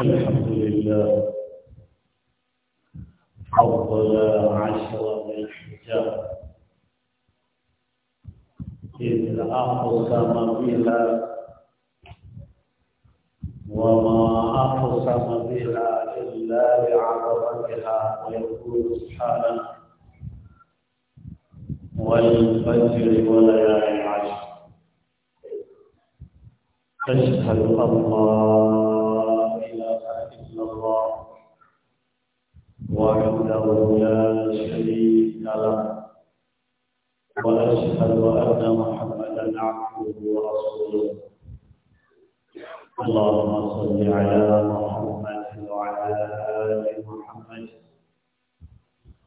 الحمد لله أفضل عشر من الحجاب إذ أقسم بها وما أقسم بها إلا لعظمتها ويقول سبحانه والفجر وليالي العشر أشهد الله الله وحده لا شريك له وأشهد أن محمدا عبده ورسوله اللهم صل على محمد وعلى آل محمد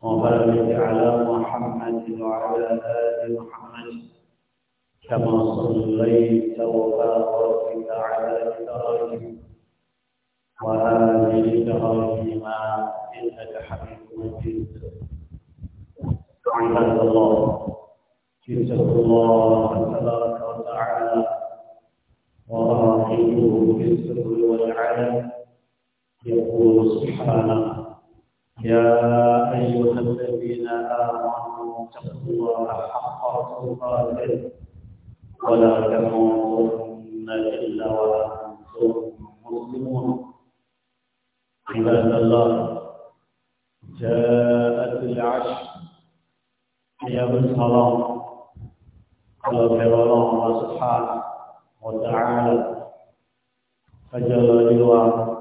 وبارك على محمد وعلى آل محمد كما صليت وباركت على إبراهيم وآل إبراهيم إنك حميد مجيد عباد الله اتقوا الله تبارك وتعالى وراقبوه في والعلم يقول سبحانه يا أيها الذين آمنوا اتقوا الله حق تقاته ولا تموتن إلا وأنتم مسلمون عباد الله جاءت العشر أيام الصلاة غفر الله سبحانه وتعالى فجل جواه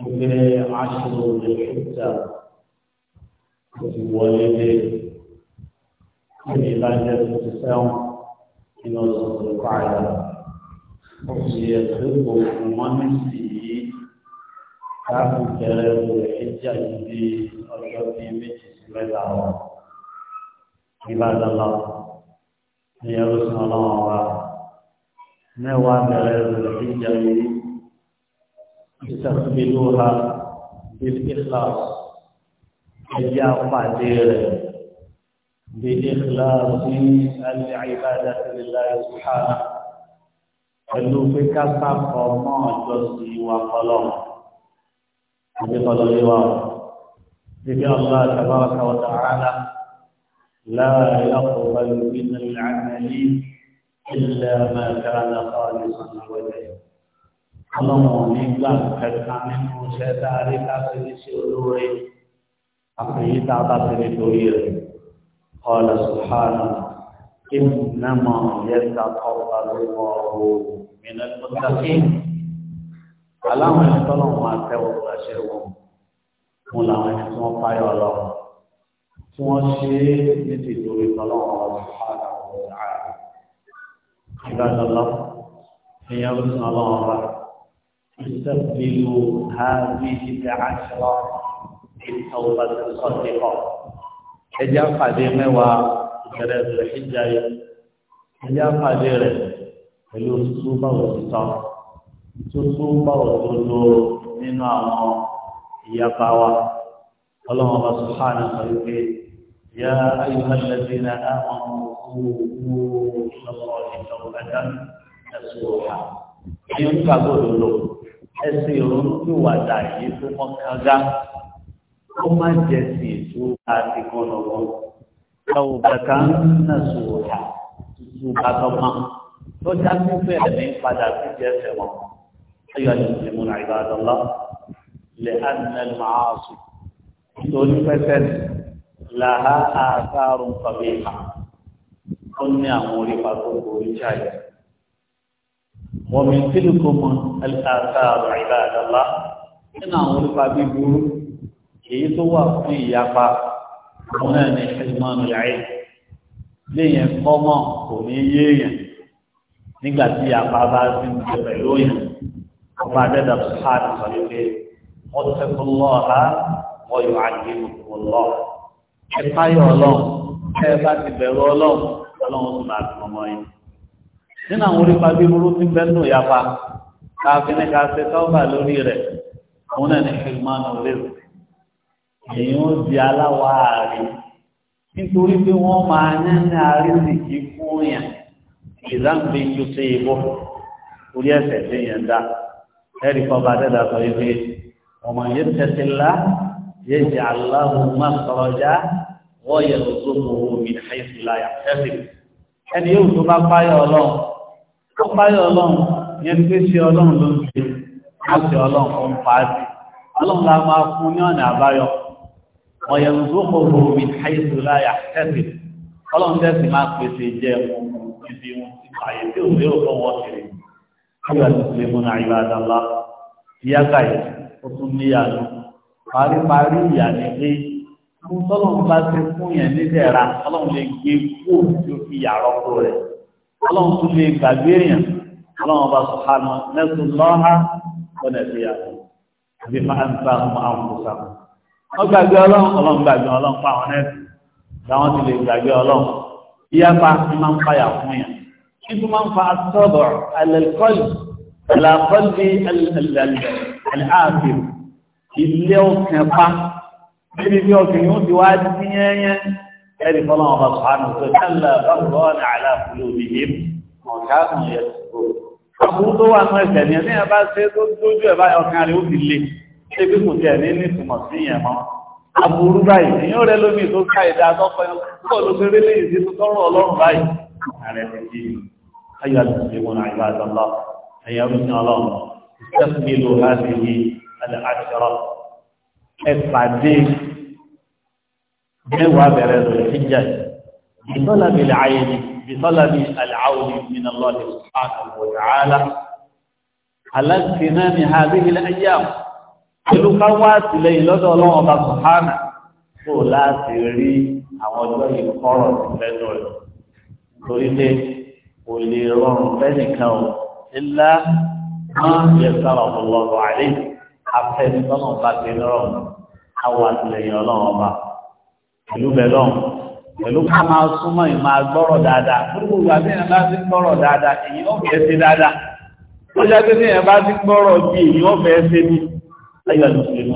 وفي عشر الحجة وفي والده في عبادة التساوم من الله سبحانه وفي يخلقه من نفسه káàkiri bẹ̀rẹ̀ rẹ̀ ẹjà ibi ọjọ́ bí méjì sí mẹ́ta wọn ìbádọ́lá ní ẹrúsùn ọlọ́wọ́n wa mẹ́wàá bẹ̀rẹ̀ rẹ̀ ẹjà ibi ìsàkúbílúwa بالإخلاص ẹjẹ́ apàdé rẹ̀ بالإخلاص العبادة لله سبحانه pẹ̀lú pé ká sáfọ̀ mọ́ sí wa kọlọ́mù. حقيقة الغوار ذكر الله تبارك وتعالى لا يقبل من العمل إلا ما كان خالصا وجهه اللهم نبلا كتامن وشتاري في سوروري أخي تاسري دوري قال سبحانه إنما يتقبل الله من المتقين aláwọn ẹni tọ́lọ̀ wọn àtẹ́wọ̀ láṣẹ wọn wọn làwọn ẹni tí wọ́n fáyọ̀ ọlọ́run tí wọ́n ṣe é ní ti ìdòwé tọ́lọ̀ wọn ọ̀sán ìbádọ́lọ́ èèyàn ló sún ọlọ́run ọba ìṣẹ́bílù hábí ìdá àṣọ ìtọ́wọ́bá ti sọ sí ọ. ẹjẹ́ àpàdé mẹ́wàá ìbẹ̀rẹ̀ rẹ̀ ṣíjà yìí ẹjẹ́ àpàdé rẹ̀ pẹ̀lú túbọ̀ tuntun bá òdodo nínú àwọn ìyapa wa ọlọ́run ọba sùhánà sọ wípé yá ayélujáde náà àwọn ọmọ òkú ìṣọwọ́ ìṣọwọ́ ẹ̀dá ẹ̀sùn ọ̀hà ní ń kàgbọ́ òdodo ẹsẹ̀ ìrònú ìwàdà yìí tó mọ́ kága ó má jẹ sí ìtura àti kọlọ̀kọ́ káwọ́ bàtà náà sùn ọ̀hà tuntun bàtà أيها المسلمون عباد الله لأن المعاصي تنفسد لها آثار قبيحة قلنا مورفة الرجال ومن تلكم الآثار عباد الله إن مورفة بيقول كي توقفي يقع هنا حزمان العلم لين قوما كوني يين nígbà tí apá bá ti ń jẹ ọba dẹ́dà sùhánù sọ wípé wọ́n ti fún lọ́ọ̀ha wọ́n yóò àgbé gbogbo lọ. ẹ fáyọ̀ ọlọ́run ẹ bá ti bẹ̀rù ọlọ́run ọlọ́run tó máa dùn ọmọ yìí. nínú àwọn orí pàbí burú ti ń bẹ́ẹ̀ nù yapa káfí ní ká ṣe tọ́ba lórí rẹ̀ òun náà ní fílmánù rẹ̀ èyí ó di aláwáàrí nítorí ẹ̀rí kan bá dẹ́dà sọ yìí pé ọmọ yìí tẹ̀sí ńlá yìí jẹ́ aláwọ̀ máa sọ̀rọ̀ já wọ́n yẹ lọ́sọ́ mọ́ omi àìsílá yàtẹ́sì. ẹni yóò tó bá páyọ̀ ọlọ́run tó páyọ̀ ọlọ́run yẹn ti ṣe ọlọ́run ló ń ṣe láti ọlọ́run kan pàdé ọlọ́run la máa fún ní ọ̀nà àbáyọ wọ́n yẹ lọ́sọ́ mọ́ omi àìsílá yàtẹ́sì ọlọ́run tẹ̀sí máa pèsè jẹ́ ọmọ ibi ayọ̀ àtìsílẹ̀mọ́ náà ìbádàlá ìyáka yìí ó tún níyàlú paríparí ìyà ni pé fún tọ́lọ́run bá ti fún yẹn nídẹ̀ra tọ́lọ́run lè gbé kó tó fi yàrá ọkọ rẹ̀ tọ́lọ́run tún lè gbàgbé yẹn tọ́lọ́run bá sọ hànà nẹ́sùn lọ́ha lọ́nà ìfẹ́ yàtọ̀ àbí máa ń bá ọmọ àwọn òṣàmù wọ́n gbàgbé ọlọ́run ọlọ́run gbàgbé ọlọ́run fáwọn nẹ́ẹ̀sì làwọn ti lè gbàgbé ọlọ́run ìyápa ni máa ń fàyà fún yẹn إذ من فأصبع على القلب على قلب الآخر ilé ọkàn pa níbi bí ọkàn yóò ti wá sí yẹnyẹn ẹni fọlọ́ ọba sọ̀hánù tó tẹ́lẹ̀ báwọ̀ ní àlàáfíà òbíyìm ọ̀kánù yẹ àbúrú tó wà náà ẹ̀sẹ̀ ní ẹni ẹ̀bá ṣe tó dójú ẹ̀bá ọkàn ó rẹ lómi tó ká ìdá tọ́pẹ́ kó ló fi tó tọ́rọ̀ ọlọ́run báyìí ààrẹ ti di أيها المسلمون عباد الله أيها رسل الله استقبلوا هذه العشرة التعديل جوا برد الحجة بطلب العين بطلب العون من الله سبحانه وتعالى على اغتنام هذه الأيام القوات ليلة الله سبحانه ولا تري أو جاي قرر لدول تريد kò lè rọrùn fẹ́nìkan o ńlá máa ń yẹ sábà fọlọ́rọ̀ àlẹ́ afẹ́nitọ́nà bá ti rọrùn àwọn àtìlẹyìn ọlọ́run ọba pẹ̀lú bẹ̀lọ́n pẹ̀lú ká máa súnmọ́ ì máa gbọ́rọ̀ dáadáa gbogbo ìgbà tí èèyàn bá ti gbọ́rọ̀ dáadáa èyí ó fẹ́ ṣe dáadáa ó jẹ́ pé tí èèyàn bá ti gbọ́rọ̀ bí èyí ó fẹ́ ṣe ní ayọ̀ lùsùlùmí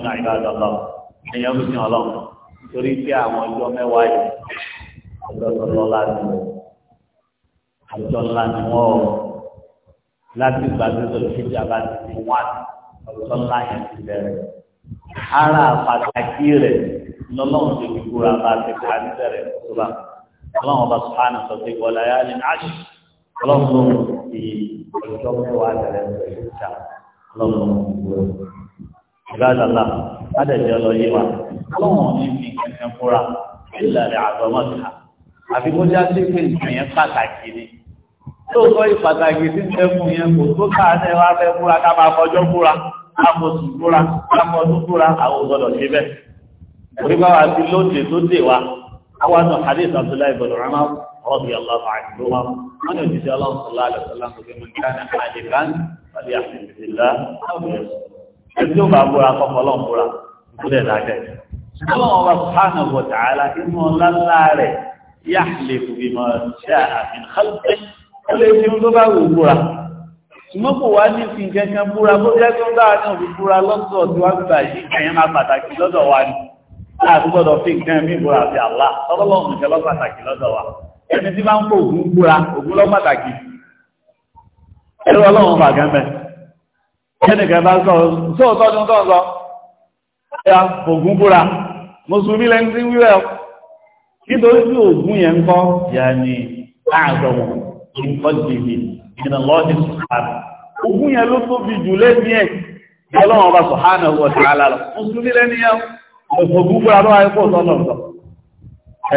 náà ìgbà àjọ ńlá ni wọ́n ọ̀ láti gbàgbé tó fi jàmbá ti ti wọ́n àjọ ńlá yẹn ti bẹ̀rẹ̀. ara pàtàkì rẹ̀ lọ́lọ́run ti fi kúra bá ti kà á bẹ̀rẹ̀ tó bá ọlọ́run ọba sùpánù sọ pé wọ́n láyà ní àṣì ọlọ́run ló ń fi ọjọ́ fún wa tẹ̀lé pẹ̀lú ìjà ọlọ́run ló ń lọ yé wa ọlọ́run ní fi kẹ̀kẹ́ kúra ìlànà àgbọ̀mọ́ta àfi kó pé nǹkan pàtàkì ni lóòótọ́ ìpàtàkì tí ẹ mú yẹn kò tó káàtẹ́ wá fẹ́ múra ká máa fọjọ́ múra káàmọ̀sù múra káàmọ̀sù múra àwọn ògbọ́dọ̀ ṣe bẹ́ẹ̀. orípa wa ti lóde tó dé wa àwọn àna hadith abdullahi ibn umar rọ́bì aláwọ̀ àdúgbò wa wọ́n yóò jíṣẹ́ aláwọ̀ sọlá àlẹ́sọlá kò fẹ́ mú kí á ní àdìgán àti àfẹ́sílá ẹ̀ tí ó bá múra kọ́kọ́ lọ́ múra ìkúlẹ̀ lájẹ́. ọlọ́run wa subhanahu wa ta'ala inú ọlá ńlá rẹ̀ yáhìlẹ̀ kùbìmọ̀ ṣáà min khalqihi ó lè fi ohun tó bá wù búra ṣùgbọ́n kò wá ní fi nǹkan kan búra bó jẹ́ tó dáa náà fi búra lọ́sọ̀ tí wá gbà yí kẹyìn máa pàtàkì lọ́dọ̀ wa ni láti gbọ́dọ̀ fi nǹkan mí búra àti àlá ọlọ́lọ́run nìkan lọ́ pàtàkì lọ́dọ̀ wa ẹni tí máa ń kó ògùn búra ògùn lọ́ pàtàkì ẹ̀rọ ọlọ́run bàgán bẹ́ẹ̀ ẹnìkan bá sọ̀rọ̀ sóòtọ́ ni tó sọ ẹ̀yà ògùn búra mùsùlùmí lẹ́ni tí wíwẹ̀ nítorí ògùn yẹn ń kọ́ yà ní ìfọ́jìlì ìrìnlọ́dì sùhánà ogun yẹn ló tóbi jù lẹ́ni ẹ̀ ọlọ́run ọba sùhánà wọ̀ sí alálọ̀ mùsùlùmí lẹ́ni ẹ̀ ọ̀sọ̀ gbogbo àlọ́ àìkọ́ sọ́lọ̀sọ̀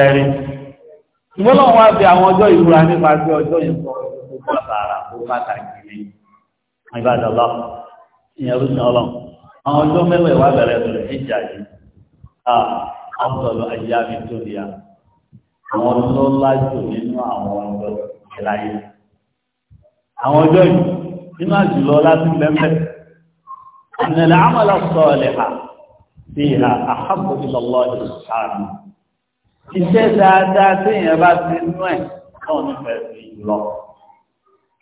ẹ̀rí ìwọ́lọ́run wá bí àwọn ọjọ́ ìrora nípa sí ọjọ́ yìí sọ gbogbo àtàrà tó pàtàkì ní ìbádọ́lọ́ ìyẹn ló ní ọlọ́run àwọn ọjọ́ mẹ́wẹ̀ẹ́ wá bẹ̀rẹ̀ lórí ìjà yìí ọ̀pọ̀lọpọ̀ ayé àmì tó di àwọn ọdún tó lájú nínú àwọn ọjọ́ láyé àwọn ọjọ́ yìí nínú àjùlọ láti lẹ́mẹ̀ ànàlẹ́ àmàlà sọ̀ọ̀lẹ̀ ha sí ìhà àhábò ìlọ́lọ́ ìsàánù iṣẹ́ dáadáa tí èèyàn bá ti nú ẹ̀ náà nífẹ̀ẹ́ sí ìlọ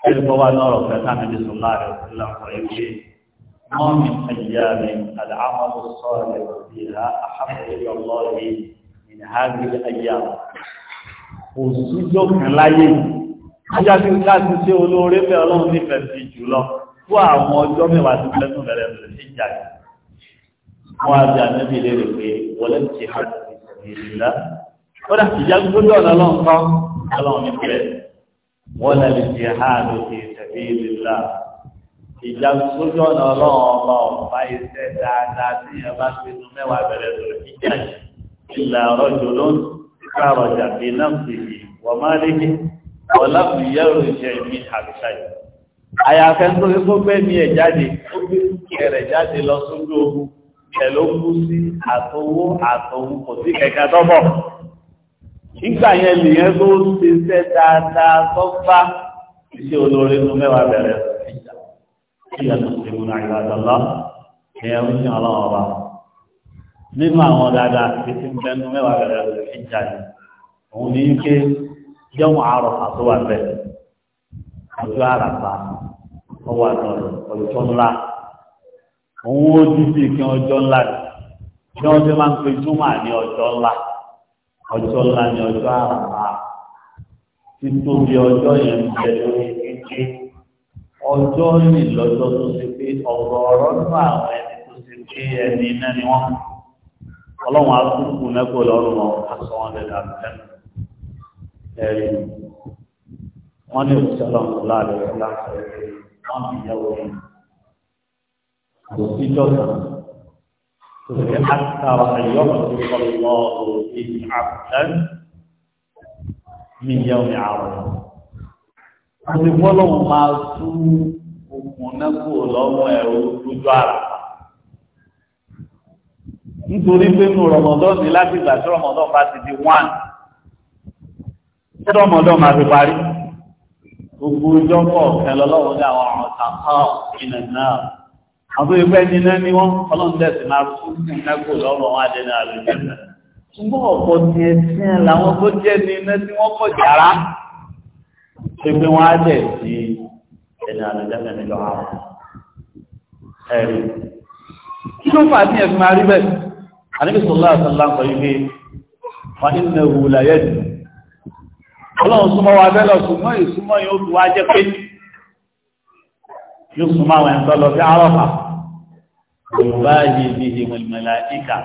ẹ̀rí tó wá lọ́rọ̀ fẹ́ sáàmì ní sọ̀lá rẹ̀ sílẹ̀ ọ̀rọ̀ ìwé mọ́mí ẹ̀yà rẹ̀ àlàámọ́lù sọ̀rọ̀ sí ìhà àhábò ìlọ́lọ́ yìí ìhà Ajá tí ó láti ṣe olóore fẹ́ ọlọ́run nífẹ̀ẹ́ sí jùlọ fún àwọn ọjọ́ mẹ́wàá tí lẹ́nu bẹ̀rẹ̀ bẹ̀rẹ̀ sí ìjà yìí. Wọ́n á bí ànábì lérè pé wọlé ti ha ìrìnlá. Wọ́n dà ìjà gbọ́dọ̀ ọ̀nà ọlọ́run kan ọlọ́run nífẹ̀ẹ́. Wọ́n lè ti ha lóde ọ̀nà ọlọ́run ọba ọ̀fà iṣẹ́ dáadáa tí ìyẹn bá ti mẹ́wàá bẹ̀rẹ̀ bẹ̀rẹ̀ sí Ìlà ọ̀rọ̀ jòló ń kárọ̀jà bí náà sì yìí wọ́n má lé ọ̀la fi yẹ́rù jẹ́ mi àbíṣà yìí. àyàfẹ́ tó ní tó gbé mi ẹ̀ jáde ó gbé dúkìá rẹ̀ jáde lọ sójú ogun pẹ̀lú kú sí àtọwó àtọwó kò sí kẹ̀kẹ́ tọ́bọ̀. nígbà yẹn lèyẹn tó ṣe iṣẹ́ dáadáa tó bá iṣẹ́ olóore tó mẹ́wàá bẹ̀rẹ̀ ìyàtọ̀ sí ìmúna ìgbàdàlá ẹ̀yẹ ń sin ọlọ́run ọba nínú àwọn dáadáa ti ti ń bẹnu mẹ́wàá bẹ̀rẹ̀ ìjà yìí òun ní í pé jẹ́wọ̀n àárọ̀ àti wà àràpá ọwọ́ àtọ̀rọ̀ ọjọ́ ńlá òun ó dídì kí ọjọ́ ńlá kí wọ́n ti máa ń pe júmọ̀ ní ọjọ́ ńlá ọjọ́ ńlá ní ọjọ́ àràpá títóbi ọjọ́ yẹn ń bẹ lórí kíkí ọjọ́ yìí lọ́jọ́ tó ṣe pé ọ̀rọ̀ ọ̀rọ̀ nínú àwọn ẹni tó ṣe pé ẹni iná ni wọ́n ọlọ́run á kúkú mẹ́kọ̀ọ́ lọ́rùn wọn aṣọ wọn lè ẹ̀rí wọ́n ní òṣìṣẹ́ ọlọ́run láàrin ọ̀la wọ́n fi yẹ̀wò rẹ̀ kò sí jọ̀sán tó fi àtàrà ayọ́mọ̀ tó kọ́ lọ òbí àbùdán ní yẹ̀wò àrùn. wọ́n máa tú okùn náà kú lọ́wọ́ ẹ̀rọ lójú àrà nítorí pé nù rọmọdọ́ọ̀nì láti ìgbà tí rọmọdọ́ọ̀n bá ti di one tọ́mọ ọdọ́ máa fi parí gbogbo ọjọ́ pọ̀ kẹlọ́lọ́wọ́ ní àwọn ọ̀rọ̀ tàkọ́ ìnà náà àwọn tó ipẹ́ ní náà ni wọ́n máa fún ìnákò lọ́rọ̀ wọn adẹ́nà àlùjẹ́mẹ̀ ṣùgbọ́n ọ̀pọ̀ ti ẹ̀sìn làwọn tó jẹ́ ní tí wọ́n kọ̀ jàrá ṣe pé wọ́n á dẹ̀ sí ẹ̀nà àlùjẹ́mẹ̀ nílọ àwọn ẹ̀rí kí ló fà ní ẹ̀sìn máa rí bẹ́ẹ̀ àníbìsọ̀lá àtàlá ń sọ yìí pé wọ́n ní ọlọ́run súnmọ́ wa bẹ́lọ̀ súnmọ́ ìsúnmọ́ yóò fi wá jẹ́ pé yóò súnmọ́ àwọn ẹ̀ńtọ́ lọ sí àrọ́fà yorùbá yìí ní ìmọ̀lìmọ̀lá ìkà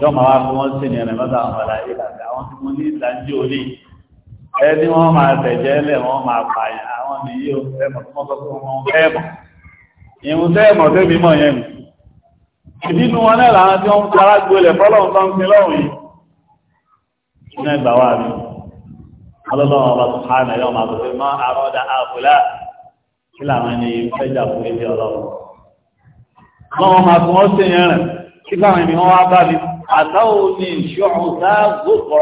yóò máa wá fún wọn sí ní ẹ̀rẹ̀ lọ́dọ̀ àwọn ọ̀la ìkà àwọn tí wọ́n ní ìdájí òní ẹni wọ́n máa tẹ̀jẹ́ lẹ̀ wọ́n máa pààyàn àwọn nìyí o tí wọ́n sọ fún wọn ẹ̀mọ̀ ìhun tẹ́ẹ̀mọ̀ alọ́lọ́wọ́ ọba sùhánà yọ máa tọ́jú mọ́ àrọ́dà àbúlá kí làwọn ẹni fẹ́jà fún ilé ọlọ́run wọ́n máa tún wọ́n sí yẹn rẹ̀ kí láwọn ẹni wọ́n wá bá mi àtàwọn ní ìṣòro sáà gbogbo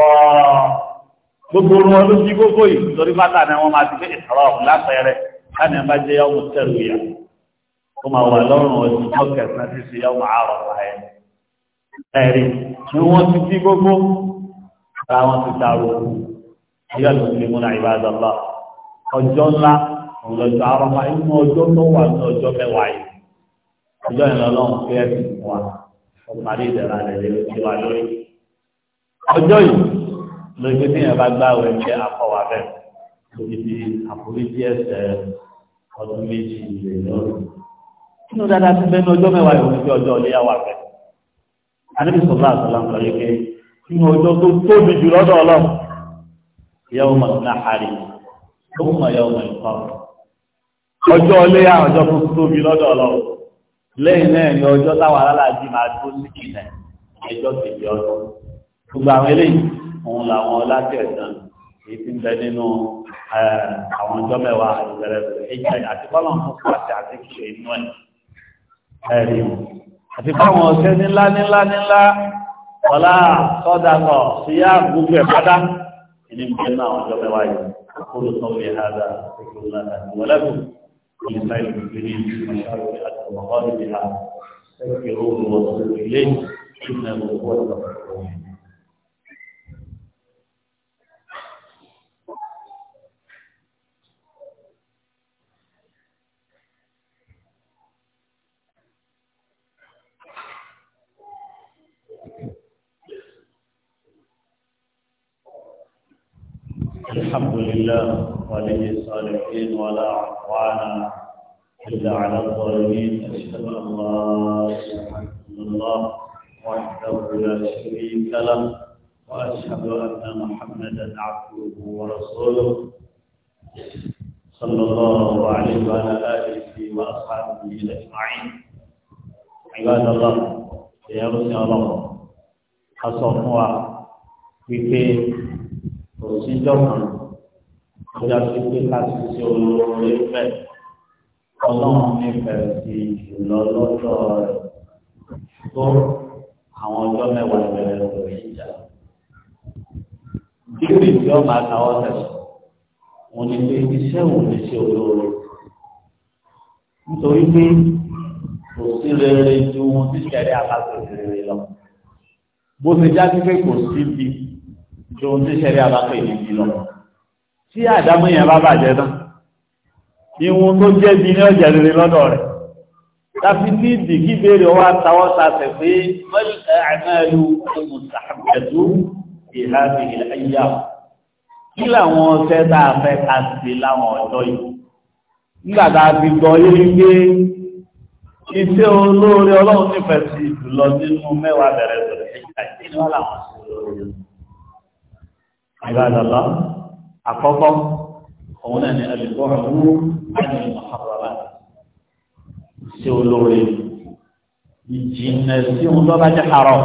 gbogbo wọn ló jí gbogbo yìí lórí bàtà ni wọ́n máa ti gbé ìsọ̀rọ̀ látẹ̀rẹ̀ wà lọ́rùn ọdún tó kẹsàn ti ṣe yọ máa rọ̀ láyé ẹ̀rí ni wọ́n ti jí gbogbo ara wọn ti dàrú ayé àlùmílímù náà ìbádọ́lá ọjọ́ ńlá ọ̀lọ́jọ́ arọ́mà inú ọjọ́ tó wà ní ọjọ́ mẹ́wàá yìí ọjọ́ ìrànlọ́run fi ẹ̀sìn fún wa ọmọdé ìdẹ̀ra rẹ̀ lè fi wá lórí. ọjọ́ yìí lójú tí yẹn bá gbáwé ẹgbẹ́ akọwà bẹ́ẹ̀ lójú bí àforíjì ẹsẹ̀ ọdún méjì lè lórí. inú dáadáa ti bẹ́ẹ̀ ní ọjọ́ mẹ́wàá yìí wọ́n fi ọjọ́ ọléyàwó àgbẹ̀. adébísọ̀lá àtàlà ń lọ yẹ yawma nahari thumma yawma ìfọwọ́. ọjọ́ ilé àjọ tó tóbi lọ́dọ̀ ọlọ́run lẹ́yìn náà ni ọjọ́ táwọn alálàájì máa dúró sí kìnnà ẹjọ́ kejì ọdún gbogbo àwọn eléyìí òun làwọn ọlájẹ ẹ̀sán èyí tí ń bẹ nínú àwọn ọjọ́ mẹ́wàá ìbẹ̀rẹ̀ ẹ̀jẹ̀ àti fáwọn ọ̀sẹ̀ ńlá ńlá ńlá ọlá sọ́dà náà síyá gbogbo ẹ̀ pátá إن امتنع وجب وعيد أقول قولي هذا أستغفر الله لكم ولكم ولسائر المسلمين في مشارق الأرض ومغاربها استغفروه وصلوا إليه إنه هو الغفور الرحيم الحمد لله ولي الصالحين ولا عدوان إلا على الظالمين أشهد أن لا إله إلا الله وحده لا شريك له وأشهد أن محمدا عبده ورسوله صلى الله عليه وعلى آله وأصحابه أجمعين عباد الله يا رسول الله حصل هو في kò sí jọ̀kan ọjà sí pé láti ṣe olóore fẹ́ ọlọ́run nífẹ̀ẹ́ sí jùlọ lọ́dọ̀ rẹ̀ tó àwọn ọjọ́ mẹ́wàá ìbẹ̀rẹ̀ lọ́wọ́ ìjà. Bíbí tí ọba àtàwọn tẹ̀sán, wọ́n ní pé iṣẹ́ òun ní ṣe olóore. Nítorí pé kò sí rere ju ohun tí ṣẹ̀rí àbáṣe rere lọ. Bó ti já sí pé kò sí bíi ju ohun tí ṣẹlẹ̀ abáfẹ́ ìdíjì lọ tí àdámọ́ yẹn bá bàjẹ́ tán ìwọ̀n tó jẹ́ bí ní ọjà rere lọ́dọ̀ rẹ̀ láfi ní ìdìkí béèrè wa tawọ́ sàṣẹ̀ pé mọ́lẹ̀ àmàlù olùsàbẹ̀tú ìhàbì ìlàyà kí làwọn ọ̀sẹ̀ tá a fẹ́ ká sí láwọn ọjọ́ yìí nígbà tá a fi gbọ́ yé wípé iṣẹ́ olóore ọlọ́run nífẹ̀ẹ́ sí jùlọ nínú mẹ́wàá bẹ̀rẹ̀ bẹ̀rẹ̀ ẹ̀ka ìdílé wà láwọn ọ̀sẹ̀ olóore àgbàdàlá àkọ́kọ́ òun náà ni àlùkò àbúrò àti àkàrà ṣe olóore ìjìnlẹ̀ sí òun tó bá jẹ́ haram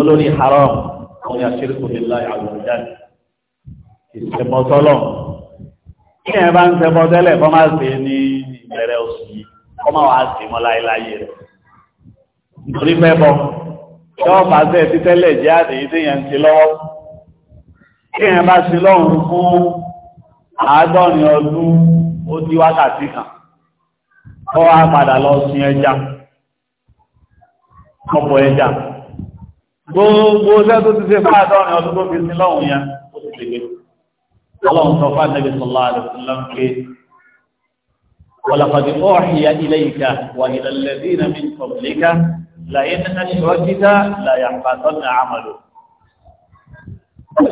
olórí haram òun yà ṣírí kò lè láyé àwùjá ìṣẹ̀bọ̀tọ́lọ̀ kí ẹ bá ń ṣẹbọ tẹ́lẹ̀ kọ́ máa ṣe ní ìbẹ̀rẹ̀ oṣù yìí kọ́ máa wá ṣe mọ́ láéláyé rẹ̀ nítorí fẹ́ bọ́ yọ́ bá bẹ́ẹ̀ ti tẹ́lẹ̀ jẹ́ àdìyí tí yẹn ti lọ́wọ́ kí yẹn bá ṣe lọ́rùn fún àádọ́rin ọdún ó di wákàtí kan kọ́ wá padà lọ sin ẹja ọ̀pọ̀ ẹja gbogbo ọjọ́ tó ti ṣe fún àádọ́rin ọdún tó fi sin lọ́rùn yẹn ó ti ṣègbè ọlọ́run sọ fún àdẹ́bí sọlá àdẹ́sọlá ولقد أوحي إليك وإلى الذين من قبلك làyé nínú ìrọ́jídá làyà pàtọ́nà àmàlò.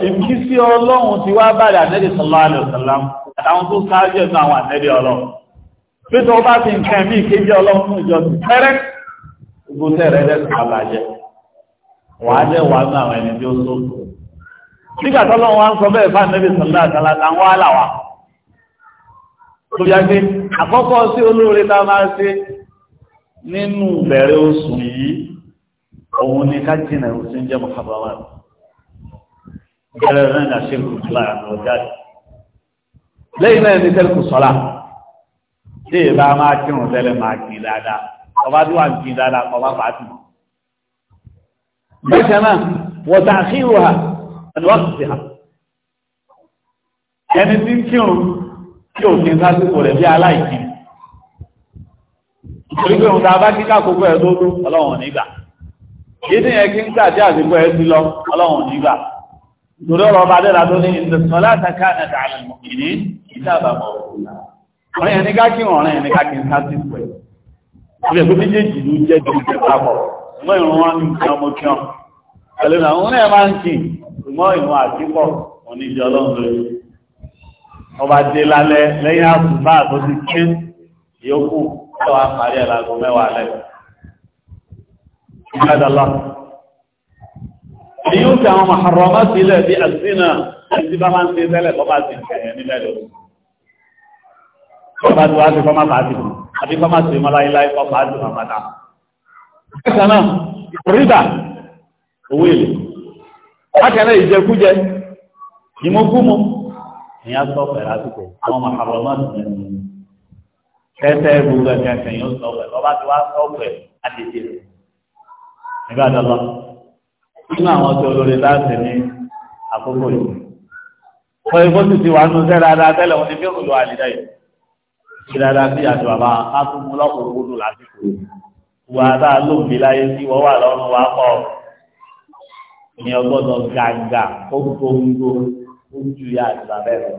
Ìbí sí ọlọ́run ti wá bàrẹ̀ ànẹ́dì sallallahu alaihi wasallam àtàwọn tó sáájú ẹ̀nà àwọn ànẹ́dì ọlọ́run. Pétọ́ bá ti nǹkan mí kéjì ọlọ́run fún ìjọ ti fẹ́rẹ́ ìgbóṣẹ́ rẹ̀ lẹ́sùn àbàjẹ́. Wàá jẹ́ wà ní àwọn ẹni tí ó sókò nínú bẹ̀rẹ̀ oṣù yìí òun ni ká jìnà oṣù jẹ́ mọ̀hábàwà bẹ̀rẹ̀ rẹ̀ náà ṣe kù sílá àlọ́jáde lẹ́yìn náà ní tẹ́lẹ̀ kù sọ́lá tí ìbá máa kírun tẹ́lẹ̀ máa kì dáadáa ọba tí wà ń kì dáadáa tí ń kírun tí rẹ̀ bí aláìkiri nítorí pé òun tá a bá kíkà kókó ẹ̀ tó tó ọlọ́run nígbà yídí yẹn kí n gbà tí àsìkò ẹ̀ sí lọ ọlọ́run nígbà nítorí ọ̀rọ̀ ọba adéla tó ní ìdẹ̀sán láti ká ẹ̀dà àlẹ́ mọ̀kìnní ìdáàbà mọ̀ ọ̀rọ̀ yẹn ní ká kí ọ̀rọ̀ yẹn ní ká kí n ká sí pẹ̀ ìbẹ̀ tó méjèèjì ló jẹ́ ju ìjẹta pọ̀ ṣùgbọ́n ìrún wọn ní kí ọmọ kí ọ pẹ̀lú náà òun náà máa ń kì ṣùgbọ́n ìrún àtìpọ̀ òun ní ìjọ ọlọ́run lórí ọba adéla lẹ́yìn àtúbà tó ti kí yókù tó wá parí ẹ̀ lágùn mẹ́wàá lẹ́yìn. Ìgbàdàlá. Èyí ń fi àwọn màhàrọ̀má sílẹ̀ bí àzínà àti bá máa ń ṣe tẹ́lẹ̀ bọ́ bá ti ṣẹ̀yẹ nílẹ̀ lọ. Bọ́bá ti wá sí fọ́má pàtì mọ̀, àbí fọ́má sí mọ́ láíláí fọ́ pàtì mọ̀ padà. Ìgbàdà náà, rídà, owó èlé. Bákẹ́lẹ́ ìjẹkújẹ, ìmọ̀kúmọ̀, ìyá sọ́fẹ̀ lásìkò, àwọn màhàrọ̀má sílẹ̀ tẹ́tẹ́ gbogbo ẹ̀kẹ́ ẹ̀kẹ́ yóò sọ pẹ̀ ọba tí wàá sọ pẹ̀ àdìdì rẹ̀ nígbà tó lọ. nínú àwọn tó lórí láti ní àkókò yìí. sọ ikú sì ti wà nù sẹ́ dáadáa tẹ́lẹ̀ wọn ni bí òkùnlò àlìdá yìí. kí dáadáa sí àti bàbá akúmú lọ́kùnrin gbódò lásìkò yìí. wà á dáa ló gbé láyé sí wọ́n wà lọ́rùn wa kọ́ ìyẹn gbọ́dọ̀ gàgà ó gbóngbó ó ju ìyá àti bàbá ẹ̀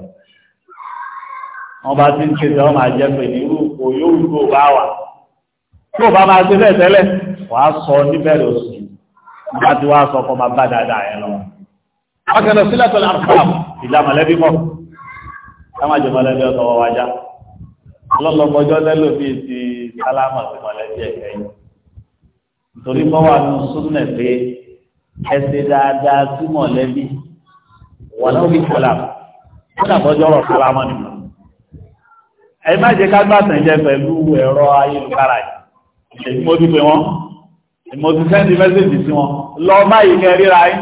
wọn bá ti ń ṣe tí wọn máa jẹ pé nírú kò yóò wúlò bá wà tí ò bá máa ṣe bẹ́ẹ̀ tẹ́lẹ̀ wà á sọ níbẹ̀rẹ̀ oṣù nígbà tí wàá sọ fún ọmọ bá dáadáa yẹn lọ. akẹ́lẹ́ sílẹ̀ tó lárúkọ ìlà mọ̀lẹ́bí mọ̀ káwọn jẹ mọ̀lẹ́bí ọ̀tọ̀ wọ́n wájà ọlọ́lọ́mọjọ́ lẹ́lò bíi ti sálámà sí mọ̀lẹ́bí ẹ̀kẹ́ yìí nítorí bọ́wà nù súnmẹ̀ pé ẹsẹ̀ dáadáa sí mọ̀lẹ́bí wọ́n náà bí kọlá kó dàbọ́jọ́ ọ̀rọ̀ sálámà nìkan ẹ má jẹ́ ká gbàtàn jẹ pẹ̀lú ẹ̀rọ ayélujára yìí mo ti pè wọ́n mo ti sẹ́ndì mẹ́sẹ̀jì sí wọn lọ báyìí kẹ ríra yín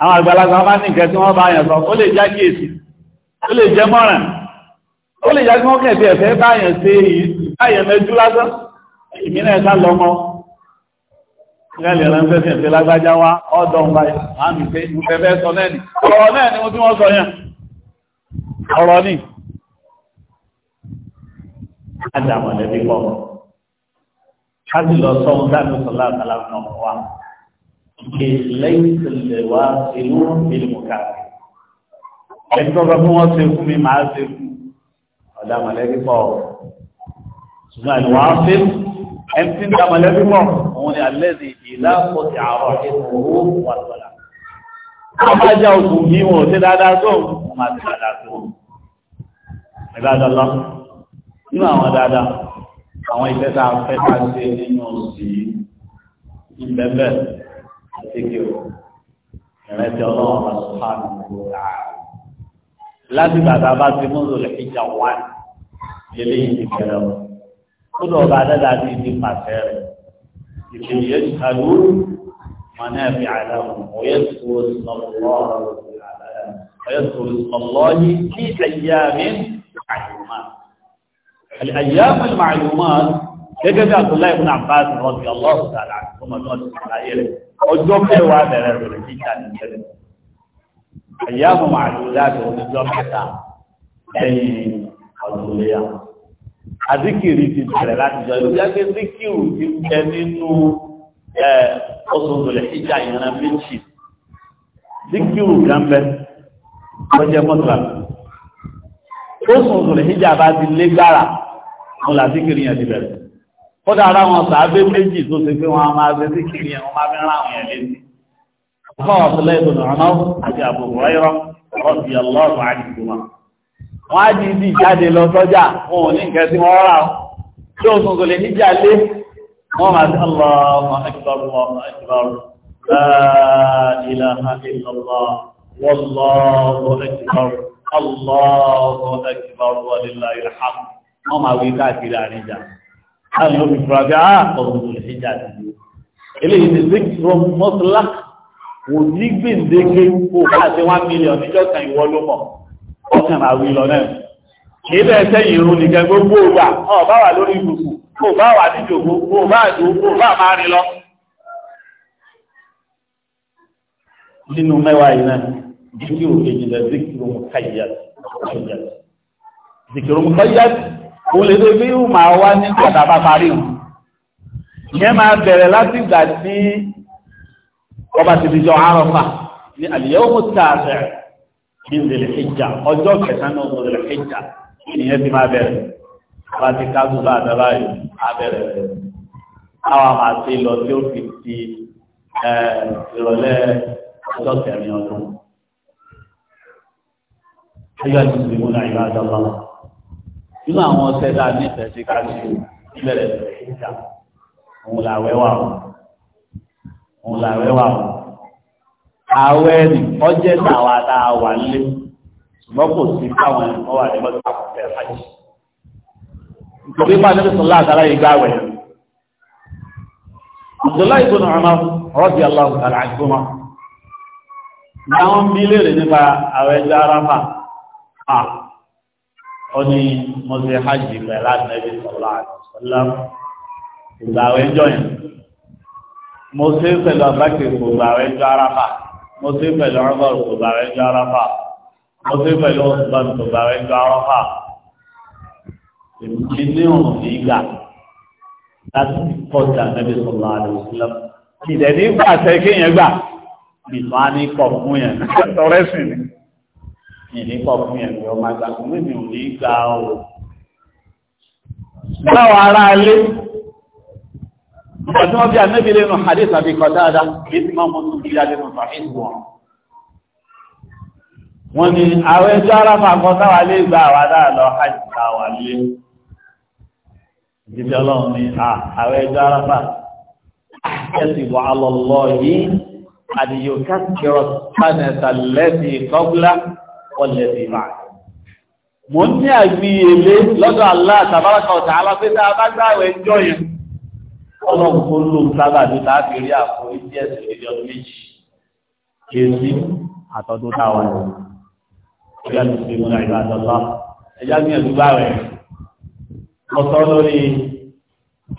àwọn àgbàlagbà máa ní nǹkan tí wọ́n bá yàn sọ ó lè já kíyèsí ó lè jẹ́ mọ́ràn ó lè já kí wọ́n kẹ̀ bí ẹ̀fẹ́ báyàn ṣe báyàn mẹ́jú lásán ìmínà ẹ̀ká lọ́mọ ìrẹ́lẹ̀ ránṣẹ́ sí ẹ̀fẹ́ lágbájá wá ọ̀dọ̀ ọ̀rọ̀ náà ni mo tí wọ́n sọ yẹn ọ̀rọ̀ ni ádà mọ̀lẹ́bí pọ̀ ká sì lọ sọ ohun dáàbò sọlá àtàlà ọ̀nà wa kì í lẹ́yìn ìṣẹ̀lẹ̀ wa ìlú ìlú káàkiri ẹni tó sọ fún wọn ṣe fún mi máa ṣe fún ọ̀dà mọ̀lẹ́bí pọ̀ ṣùgbọ́n àlùwà ń fi ẹni tí ń dá òun ni alẹ́ ni ìlà kọ̀ọ̀tì àrọ̀ ìṣòro wà lọ́la ọba jẹ́ oṣù yìí wọn ò dáadáa tó wọn máa ṣe dáadáa tó ìbádọ́lọ́ nínú àwọn dáadáa àwọn ìfẹ́ta fẹ́ta ṣe nínú sí ìbẹ̀bẹ̀ àtẹ́kẹ́ o ìrẹsì ọlọ́run bá sọ fún àdúgbò ààrùn láti bàtà bá ti mú lòlẹ̀ ìjà wá lélẹ́ ìdí kẹrẹ o ó lọ bá dáadáa ti di pàṣẹ rẹ ìpè yẹ ìkàlù mọ̀nà ẹ̀fẹ̀ àdàmù ọ̀yẹ́ tó sọ̀rọ̀ ọ̀yẹ́ tó sọ̀rọ̀ yìí kí ẹ̀yà mi àyùmá. الأيام المعلومات gẹ́gẹ́ bí Abdullahi ibn Abbas rọ̀bì ọlọ́run tààlà àkọ́mọ̀ náà ti ṣàlàyé rẹ̀ ọjọ́ mẹ́wàá bẹ̀rẹ̀ rẹ̀ jíjà ní ìjẹ́rẹ̀ àyàmù màálùlá tó ọjọ́ mẹ́ta ẹ̀yìn ọ̀dùnléyà àdíkìrì ti bẹ̀rẹ̀ láti jọ ìlú yàgbé díkìrù ti bẹ nínú oṣù àwọn làzíkiri yẹn ti bẹ̀rẹ̀ kódà ara wọn sàábé méjì tó ṣe pé wọn a máa ṣe síkiri yẹn wọn máa fi rán àwọn yẹn létí àbúkọ́ ọ̀sẹ̀lẹ̀ ìbùn ọ̀nà àti àbùkù ọ̀yọ́ ọ̀sì ọlọ́ọ̀tún àdìgbò wọn. wọn á di ibi ìjáde lọ sọ́jà wọn ò ní nǹkan tí wọ́n rà ó tí ó sùn kò lè níjà lé wọn máa ṣe ọlọ́ọ̀mọ ẹgbẹ̀rún ẹgbẹ̀rún ìlànà ìlọ́lọ́ wọ́lọ́ọ̀ ẹgbẹ̀rún wọ́n máa wí káàkiri àríjà láwọn yóò fi fura bí ah ọ̀run tó lè fi jà sí i eléyìí ti six from mọ́tòlá kò ní gbèǹdéke kó o bá ṣe one million níjọ́ kan ìwọ ló mọ̀ ọkàn máa wí lọ náà kì í bẹ́ẹ̀ sẹ́yìn irun nìkan gbogbo ògbà ọ̀ bá wà lórí ibùsùn kò bá wà níjòkó kò bá àdó kò bá máa rìn lọ. nínú mẹ́wàá yìí náà díkìrò kejì lẹ́ díkìrò mọ̀káyà díkìrò mọ̀káyà òun lè débi yóò máa wá ní padà bá parí o ìyẹn máa bẹ̀rẹ̀ láti ìgbà tí ọba ti fi jọ àrọ́fà ní àlìyẹ́wò tààfẹ́ ìdílé ìjà ọjọ́ kẹsàn-án ọdún ìjà ìyẹn ti máa bẹ̀rẹ̀ ọba ti kájú bá àdára yìí abẹ́rẹ́ àwọn àmàtí lọ tí ó ti ìrọ̀lẹ́ ọjọ́ kẹrin ọdún. Ayọ́ àti ìgbìmọ̀ náà ìlú àjọ lọ́wọ́ nínú àwọn ọ̀sẹ̀ tá a ní ìfẹsí káṣí ìbẹ̀rẹ̀ ìjà òun làwẹ̀ wà o òun làwẹ̀ wà o àwẹ̀ ni ọjẹ tàwa tá a wà nílé ṣùgbọ́n kò sí káwọn ẹnìkan wà nígbà tó kà fún fẹẹ fàjì nítorí pàdé sọlá àtàlà yìí gbàwẹ̀ Abdullahi ibn Umar radiyallahu ta'ala anhuma àwọn bí léèrè nípa àwẹ̀ ẹja aráfà ọni mọ̀sẹ̀ hajj pẹ̀lú ànábì sọ̀lá àtọ̀sọ́lá ìgbà àwọn ẹjọ́ yẹn mọ̀sẹ̀ pẹ̀lú abákẹ́ gbogbo àwọn ẹjọ́ aráfà mọ̀sẹ̀ pẹ̀lú ọ̀rọ̀bà gbogbo àwọn ẹjọ́ aráfà mọ̀sẹ̀ pẹ̀lú ọ̀sùnbọ̀n gbogbo àwọn ẹjọ́ aráfà èmi ní ọ̀rùn ní ìgbà láti kọ́ ti ànábì sọ̀lá àtọ̀sọ́lá ìdẹ̀ní gbà sẹ́kẹ́ yẹn gbà ìfọ̀ á ní kọ̀ fún yẹn tọrẹ́sìn ni ìní kọ̀ fún ẹ̀mí ọmọ àgbàkùn mímí ò ní gba ọ̀rọ̀. Báwọn ará ilé, ọdún ọbí àmẹ́bí lẹ́nu àdé tàbí kọ̀dáadá, kí ti máa mọ́ tó kí adé nù tàbí wọn. Wọ́n ni àwọn ẹjọ́ aráfà kan táwà lé gba àwa dáa lọ hajj táwà lé. Ìdíbi ọlọ́run ni àwọn ẹjọ́ aráfà kẹ́sì wà lọ́lọ́ yìí, àdìyókà kẹrọ sánẹ̀tà lẹ́sì kọ́gbúlá ọlẹ́bí máa. Mo ń ní àgbìyèlé lọ́dọ̀ Allah tabaraka wa ta'ala pé tá a bá gbààwẹ̀ ẹjọ́ yẹn. Ọlọ́run kó ló ń sábà ní láti rí àpò ìdí ẹ̀sìn ìdí ọdún méjì. Èsì àtọ́dún táwọn ẹ̀. Ẹja ti fi múra ìlú àtọ́lá. Ẹja ní ẹ̀dú gbààwẹ̀. Mo sọ lórí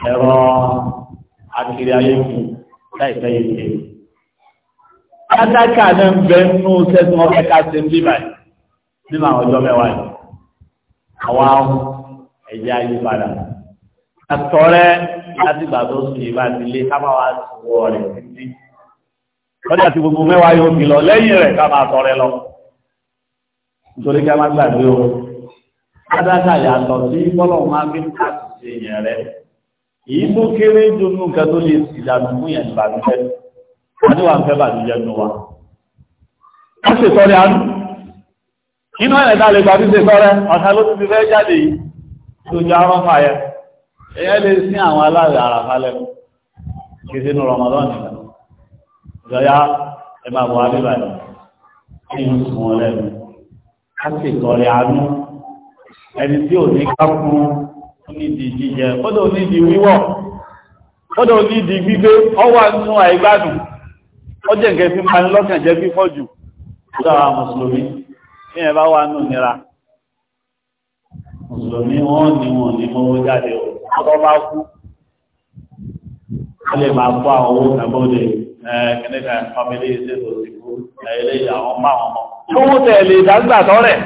ẹ̀rọ akiri ayélujára láìpẹ́ yìí. Kátàkà náà ń bẹ nínú sẹ́sìn ọ̀fẹ́ ká ṣe ń bí báyìí nínú àwọn ọjọ́ mẹ́wàá yìí àwa ẹ̀jẹ̀ ayé padà àtọ̀rẹ́ láti gbà tó sùn ìbá ti lé ká máa wá sùwọ́ rẹ̀ títí lọ́dẹ̀ àti gbogbo mẹ́wàá yóò fi lọ lẹ́yìn rẹ̀ ká máa tọrẹ lọ nítorí ká má gbàgbé o adága yàtọ̀ sí bọ́lọ̀ máa fi ń kàtúnṣe yẹn rẹ̀ èyí tó kéré ju nǹkan tó lè sì dànù fún yẹn bàbí jẹ́ àdéhùn àfẹ́ bàbí nù wa. wọ́n ṣètọ́rẹ́ àánú inú ẹ̀rẹ̀ dá lè gbà bí ṣe fẹ́rẹ́ ọ̀tá ló ti fẹ́ jáde yìí tó jẹ́ arọ́fà yẹ ẹ̀yẹ́ lè sí àwọn aláàrẹ̀ àràfà lẹ́nu kí sínú Ramadan nìkan ìjọya ẹ máa bọ̀ abíbà yìí kí n sùn wọn lẹ́nu ká sì tọrẹ àánú ẹni tí ò ní ká nídìí jíjẹ kódò nídìí wíwọ̀ kódò nídìí gbígbé ọwọ́ nínú àìgbádùn ó nǹkan tí máa ń lọ́kàn jẹ́ fífọ́ jù lára mùsùlùmí bí bá wà nù nira mùsùlùmí wọn ni wọn ní mọ́wó jáde o ọkọ̀ bá kú ó lè máa kó àwọn owó kan bóde kìnnìkan family ṣe tó ti kú ẹ̀ẹ́lẹ́yìn àwọn máa wọn mọ́. owó tẹ̀ lè dágbà tọ́rẹ̀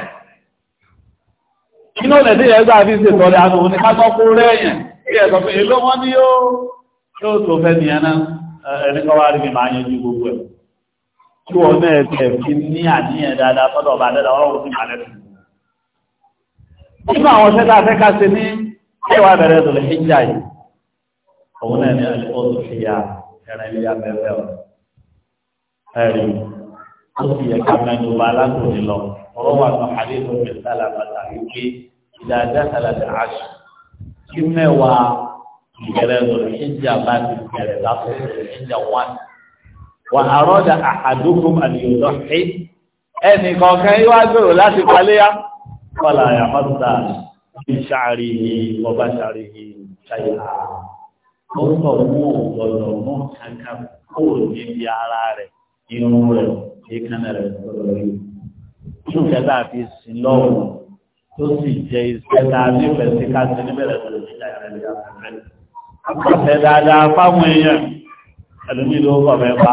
inú ọ̀nà tí ẹgbà fi ṣe tọ́lẹ̀ àwọn òní ká tọ́kú rẹ̀yìn tí ẹ̀sọ̀ pé èlò wọ́n ní yóò tó fẹ́ nìyàn náà ẹni kọ́wàá rí mi máa yanjú gbogbo ẹ̀ tí wọ́n náà tẹ̀ fi ní àníyàn dáadáa sọ́dọ̀ ọba dáadáa ọlọ́run fún ìyàlẹ́ fún. nígbà àwọn ṣẹ́ta fẹ́ ká ṣe ní ẹwà bẹ̀rẹ̀ tó lè fi jà yìí òun náà ní àlùkò tó fi ya ẹran ilé abẹ́fẹ́ ọ̀ ẹ̀rí ó sì yẹ ká mẹ́nu bá alákùnrin lọ ọ̀rọ̀ wà ní àdéhùn mi sálà bàtà wípé ìdájá sálà ti kí mẹ́wàá ìbẹ̀rẹ̀ tó lè fi jà bá ti wà àrọ́dà àdókòm àdìyọ̀dọ̀ ẹ̀ ẹnì kọ̀ọ̀kan yóò wá gbèrò láti paléyà kọ́lá àyàmọ́ta ìṣàrí ọba ṣàrí ṣàyà ó sọ mú ọ̀dọ̀ mú kankan kó o níbi ara rẹ̀ irun rẹ̀ èékánná tó sì jẹ iṣẹ́ tá a sí ká sí níbẹ̀rẹ̀ pẹ̀lú ìṣàyà rẹ̀ yàtọ̀ rẹ̀. dáadáa fáwọn èèyàn ẹlòmíì ló kọ̀ mẹ́fà.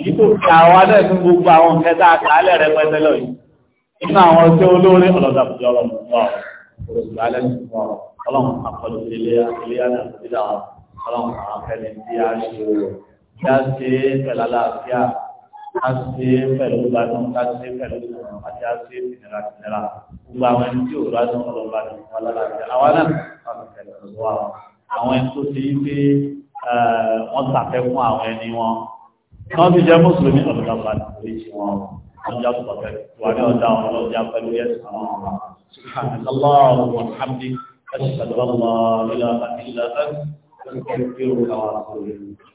Ìtò ti àwọn adẹ́sùn gbogbo àwọn kẹta àkàálẹ̀ rẹ̀ pẹ́tẹ́ lọ yìí. Inú àwọn tí ó lórí ọ̀lọ́dà fún ọlọ́run mọ́ ọ̀rọ̀ ọlọ́run àpọ̀lù ilé àtàkùnlé ọlọ́run àwọn akẹ́lẹ̀ tí a ṣe òwò. Kí a ṣe pẹ̀lú àlàáfíà, a ṣe pẹ̀lú gbádùn, a ṣe pẹ̀lú ìrọ̀rùn àti a ṣe ìnira ìnira. Gbogbo àwọn ẹni tó ti ń gbé wọ́n fún àwọn ẹni wọn wọ́n ti jẹ́ mùsùlùmí ọ̀dọ́gbà ìṣẹ́ wọn ọjọ́ pọ̀pẹ́ wà ní ọjà àwọn ọjà pẹ̀lú yẹ́sùn àwọn ọmọ subhanallahu wa hamdi ashhadu